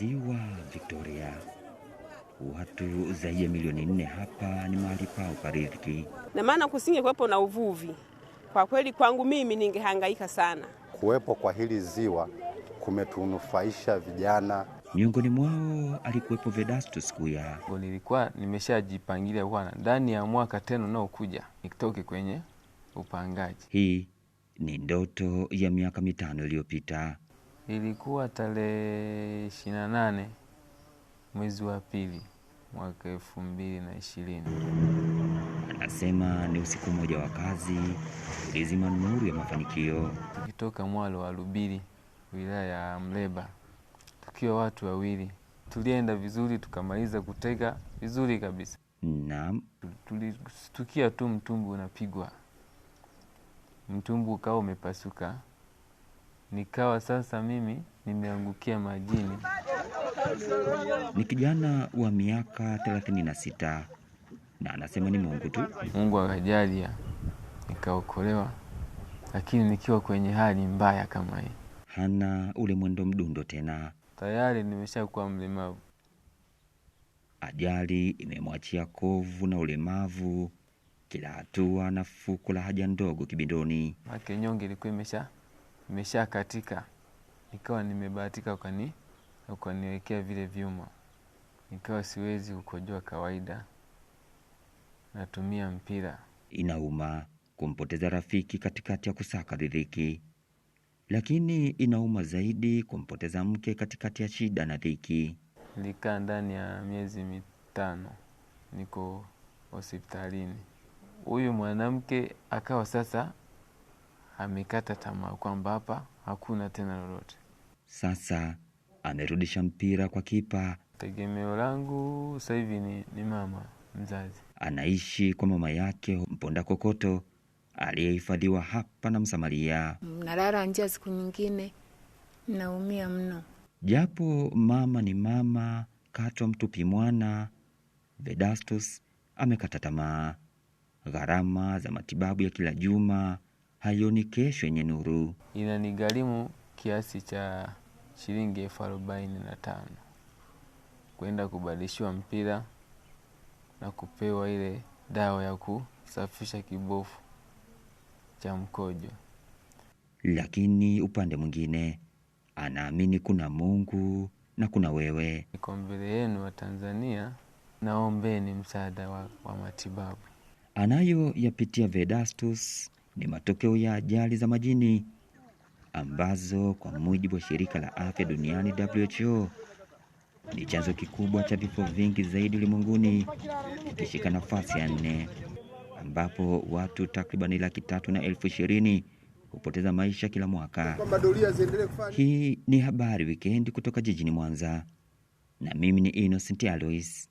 Ziwa Victoria. Watu zaidi ya milioni nne hapa ni mahali pao paridhi, na maana kuwepo na uvuvi, kwa kweli kwangu mimi ningehangaika sana. Kuwepo kwa hili ziwa kumetunufaisha vijana. Miongoni mwao alikuwepo Vedastus Kuya. Nilikuwa nimeshajipangilia bwana, ndani ya mwaka tena unaokuja nikitoke kwenye upangaji. Hii ni ndoto ya miaka mitano iliyopita ilikuwa tarehe ishirini na nane mwezi wa pili mwaka elfu mbili na ishirini. Anasema ni usiku mmoja wa kazi ulizima nuru ya mafanikio. Tukitoka mwalo wa Rubiri, wilaya ya Mleba tukiwa watu wawili, tulienda vizuri, tukamaliza kutega vizuri kabisa. Naam, tulitukia tu mtumbu unapigwa, mtumbu ukawa umepasuka Nikawa sasa mimi nimeangukia majini. Ni kijana wa miaka 36 na anasema ni Mungu tu. Mungu akajalia nikaokolewa, lakini nikiwa kwenye hali mbaya kama hii. Hana ule mwendo mdundo tena, tayari nimeshakuwa mlemavu. Ajali imemwachia kovu na ulemavu kila hatua na fuko la haja ndogo kibindoni. Make nyonge ilikuwa imesha imeshakatika, nikawa nimebahatika ukani ukaniwekea vile vyuma, nikawa siwezi kukojoa kawaida, natumia mpira. Inauma kumpoteza rafiki katikati ya kusaka riziki, lakini inauma zaidi kumpoteza mke katikati ya shida na dhiki. Nilikaa ndani ya miezi mitano niko hospitalini. Huyu mwanamke akawa sasa amekata tamaa kwamba hapa hakuna tena lolote. Sasa amerudisha mpira kwa kipa. Tegemeo langu sasa hivi ni, ni mama mzazi. Anaishi kwa mama yake Mponda Kokoto aliyehifadhiwa hapa na Msamaria. Nalala nje siku nyingine, naumia mno. Japo mama ni mama, katwa mtupi mwana. Vedastus amekata tamaa. Gharama za matibabu ya kila juma haioni kesho yenye nuru. Inanigharimu kiasi cha shilingi elfu arobaini na tano kwenda kubadilishiwa mpira na kupewa ile dawa ya kusafisha kibofu cha mkojo. Lakini upande mwingine anaamini kuna Mungu na kuna wewe. Niko mbele yenu wa Tanzania, naombeni msaada wa, wa matibabu anayoyapitia Vedastus ni matokeo ya ajali za majini ambazo kwa mujibu wa shirika la afya duniani WHO ni chanzo kikubwa cha vifo vingi zaidi ulimwenguni, ikishika nafasi ya nne, ambapo watu takribani laki tatu na elfu ishirini hupoteza maisha kila mwaka. Hii ni habari wikendi kutoka jijini Mwanza, na mimi ni Innocent Alois.